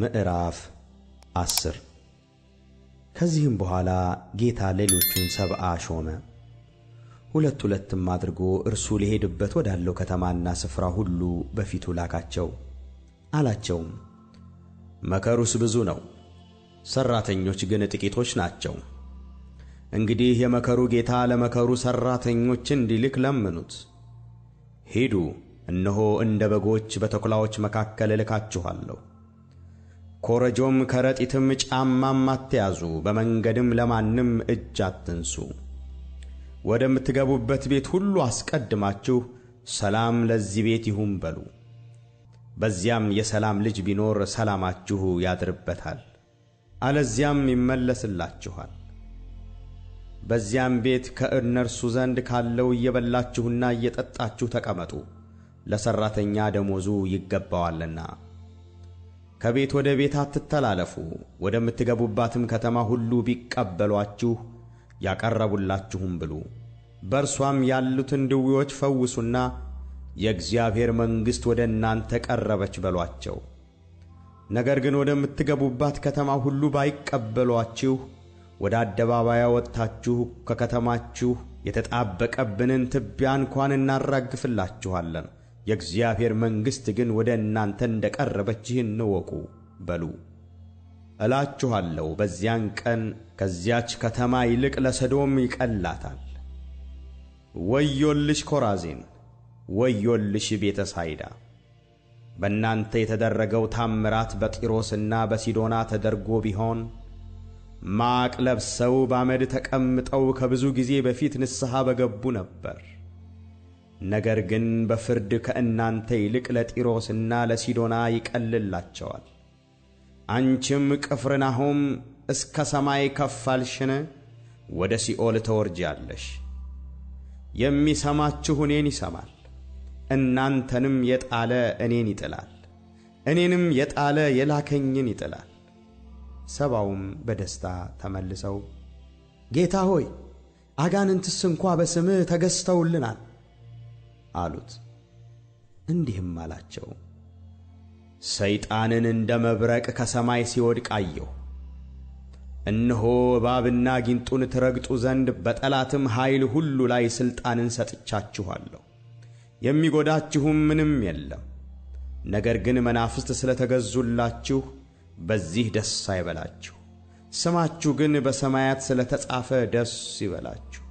ምዕራፍ አስር ከዚህም በኋላ ጌታ ሌሎቹን ሰብዓ ሾመ። ሁለት ሁለትም አድርጎ እርሱ ሊሄድበት ወዳለው ከተማና ስፍራ ሁሉ በፊቱ ላካቸው። አላቸውም፣ መከሩስ ብዙ ነው፣ ሠራተኞች ግን ጥቂቶች ናቸው። እንግዲህ የመከሩ ጌታ ለመከሩ ሰራተኞች እንዲልክ ለምኑት። ሂዱ፣ እነሆ እንደ በጎች በተኩላዎች መካከል እልካችኋለሁ ኮረጆም ከረጢትም ጫማም አትያዙ፣ በመንገድም ለማንም እጅ አትንሱ። ወደምትገቡበት ቤት ሁሉ አስቀድማችሁ ሰላም ለዚህ ቤት ይሁን በሉ። በዚያም የሰላም ልጅ ቢኖር ሰላማችሁ ያድርበታል፣ አለዚያም ይመለስላችኋል። በዚያም ቤት ከእነርሱ ዘንድ ካለው እየበላችሁና እየጠጣችሁ ተቀመጡ፣ ለሠራተኛ ደሞዙ ይገባዋልና። ከቤት ወደ ቤት አትተላለፉ፣ ወደምትገቡባትም ከተማ ሁሉ ቢቀበሏችሁ ያቀረቡላችሁም ብሉ። በእርሷም ያሉትን ድዌዎች ፈውሱና የእግዚአብሔር መንግሥት ወደ እናንተ ቀረበች በሏቸው። ነገር ግን ወደምትገቡባት ከተማ ሁሉ ባይቀበሏችሁ ወደ አደባባያ ወጥታችሁ ከከተማችሁ የተጣበቀብንን ትቢያ እንኳን እናራግፍላችኋለን። የእግዚአብሔር መንግሥት ግን ወደ እናንተ እንደ ቀረበች ይህን እወቁ በሉ። እላችኋለሁ በዚያን ቀን ከዚያች ከተማ ይልቅ ለሰዶም ይቀላታል። ወዮልሽ ኮራዜን! ወዮልሽ ቤተ ሳይዳ! በእናንተ የተደረገው ታምራት በጢሮስና በሲዶና ተደርጎ ቢሆን ማቅ ለብሰው ባመድ ተቀምጠው ከብዙ ጊዜ በፊት ንስሐ በገቡ ነበር። ነገር ግን በፍርድ ከእናንተ ይልቅ ለጢሮስና ለሲዶና ይቀልላቸዋል። አንቺም ቅፍርናሆም እስከ ሰማይ ከፍ አልሽን? ወደ ሲኦል ተወርጃለሽ። የሚሰማችሁ እኔን ይሰማል፣ እናንተንም የጣለ እኔን ይጥላል፣ እኔንም የጣለ የላከኝን ይጥላል። ሰባውም በደስታ ተመልሰው ጌታ ሆይ አጋንንትስ እንኳ በስምህ ተገዝተውልናል አሉት። እንዲህም አላቸው፣ ሰይጣንን እንደ መብረቅ ከሰማይ ሲወድቅ አየሁ። እነሆ እባብና ጊንጡን ትረግጡ ዘንድ በጠላትም ኃይል ሁሉ ላይ ሥልጣንን ሰጥቻችኋለሁ፣ የሚጎዳችሁም ምንም የለም። ነገር ግን መናፍስት ስለ ተገዙላችሁ በዚህ ደስ አይበላችሁ፣ ስማችሁ ግን በሰማያት ስለ ተጻፈ ደስ ይበላችሁ።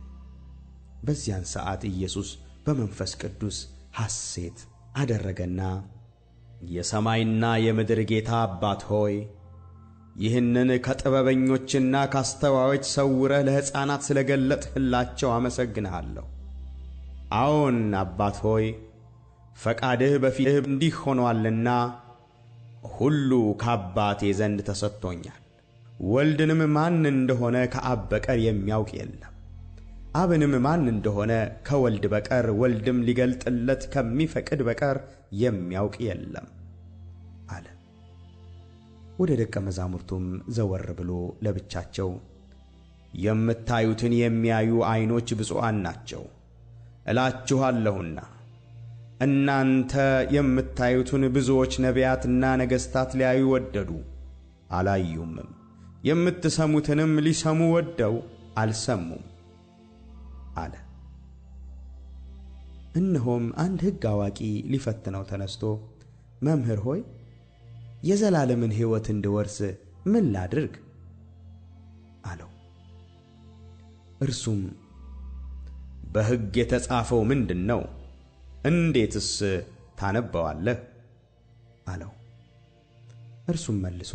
በዚያን ሰዓት ኢየሱስ በመንፈስ ቅዱስ ሐሴት አደረገና የሰማይና የምድር ጌታ አባት ሆይ ይህንን ከጥበበኞችና ከአስተዋዮች ሰውረህ ለሕፃናት ስለ ገለጥህላቸው አመሰግንሃለሁ። አዎን አባት ሆይ ፈቃድህ በፊትህ እንዲህ ሆኖአልና ሁሉ ከአባቴ ዘንድ ተሰጥቶኛል። ወልድንም ማን እንደሆነ ከአብ በቀር የሚያውቅ የለም። አብንም ማን እንደሆነ ከወልድ በቀር ወልድም ሊገልጥለት ከሚፈቅድ በቀር የሚያውቅ የለም አለ። ወደ ደቀ መዛሙርቱም ዘወር ብሎ ለብቻቸው የምታዩትን የሚያዩ ዐይኖች ብፁዓን ናቸው እላችኋለሁና እናንተ የምታዩትን ብዙዎች ነቢያትና ነገሥታት ሊያዩ ወደዱ፣ አላዩምም፤ የምትሰሙትንም ሊሰሙ ወደው አልሰሙም። አለ። እነሆም አንድ ሕግ አዋቂ ሊፈትነው ተነስቶ መምህር ሆይ የዘላለምን ሕይወት እንድወርስ ምን ላድርግ? አለው። እርሱም በሕግ የተጻፈው ምንድን ነው? እንዴትስ ታነበዋለህ? አለው። እርሱም መልሶ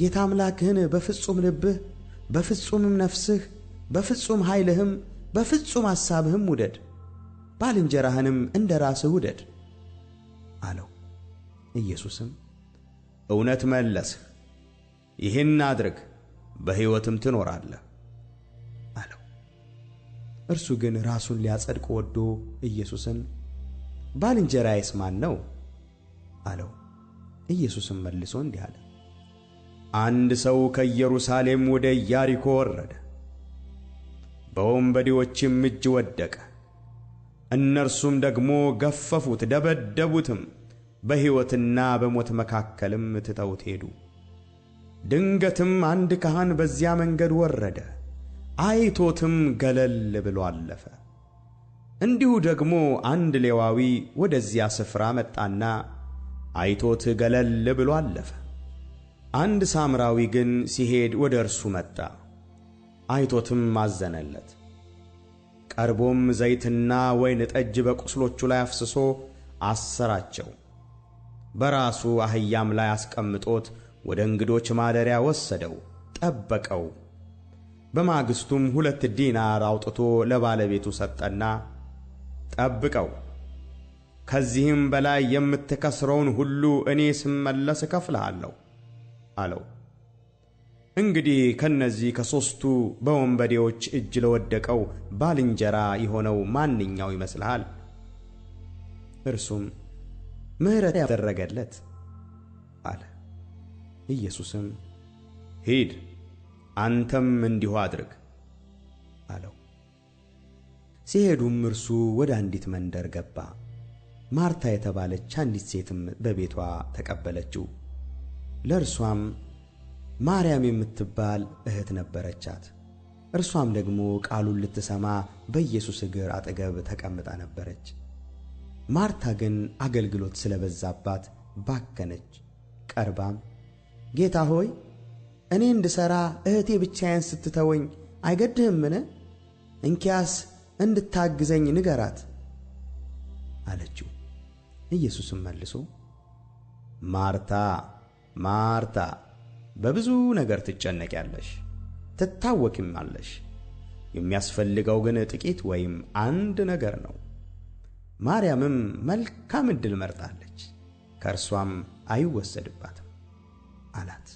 ጌታ አምላክህን በፍጹም ልብህ በፍጹምም ነፍስህ በፍጹም ኃይልህም በፍጹም ሐሳብህም ውደድ፣ ባልንጀራህንም እንደ ራስህ ውደድ አለው። ኢየሱስም እውነት መለስህ፣ ይህን አድርግ፣ በሕይወትም ትኖራለህ አለው። እርሱ ግን ራሱን ሊያጸድቅ ወዶ ኢየሱስን ባልንጀራዬስ ማን ነው አለው። ኢየሱስም መልሶ እንዲህ አለ፦ አንድ ሰው ከኢየሩሳሌም ወደ ኢያሪኮ ወረደ። በወንበዴዎችም እጅ ወደቀ። እነርሱም ደግሞ ገፈፉት፣ ደበደቡትም፤ በሕይወትና በሞት መካከልም ትተውት ሄዱ። ድንገትም አንድ ካህን በዚያ መንገድ ወረደ፣ አይቶትም ገለል ብሎ አለፈ። እንዲሁ ደግሞ አንድ ሌዋዊ ወደዚያ ስፍራ መጣና አይቶት ገለል ብሎ አለፈ። አንድ ሳምራዊ ግን ሲሄድ ወደ እርሱ መጣ። አይቶትም አዘነለት። ቀርቦም ዘይትና ወይን ጠጅ በቁስሎቹ ላይ አፍስሶ አሰራቸው። በራሱ አህያም ላይ አስቀምጦት ወደ እንግዶች ማደሪያ ወሰደው፣ ጠበቀው። በማግስቱም ሁለት ዲናር አውጥቶ ለባለቤቱ ሰጠና ጠብቀው፣ ከዚህም በላይ የምትከስረውን ሁሉ እኔ ስመለስ እከፍልሃለሁ አለው። እንግዲህ ከነዚህ ከሦስቱ በወንበዴዎች እጅ ለወደቀው ባልንጀራ የሆነው ማንኛው ይመስልሃል? እርሱም ምሕረት ያደረገለት አለ። ኢየሱስም ሂድ፣ አንተም እንዲሁ አድርግ አለው። ሲሄዱም እርሱ ወደ አንዲት መንደር ገባ። ማርታ የተባለች አንዲት ሴትም በቤቷ ተቀበለችው። ለእርሷም ማርያም የምትባል እህት ነበረቻት። እርሷም ደግሞ ቃሉን ልትሰማ በኢየሱስ እግር አጠገብ ተቀምጣ ነበረች። ማርታ ግን አገልግሎት ስለበዛባት ባከነች። ቀርባም ጌታ ሆይ እኔ እንድሠራ እህቴ ብቻዬን ስትተወኝ አይገድህምን? እንኪያስ እንድታግዘኝ ንገራት አለችው። ኢየሱስም መልሶ ማርታ ማርታ በብዙ ነገር ትጨነቂያለሽ፣ ትታወኪማለሽ። የሚያስፈልገው ግን ጥቂት ወይም አንድ ነገር ነው። ማርያምም መልካም ዕድል መርጣለች፣ ከእርሷም አይወሰድባትም አላት።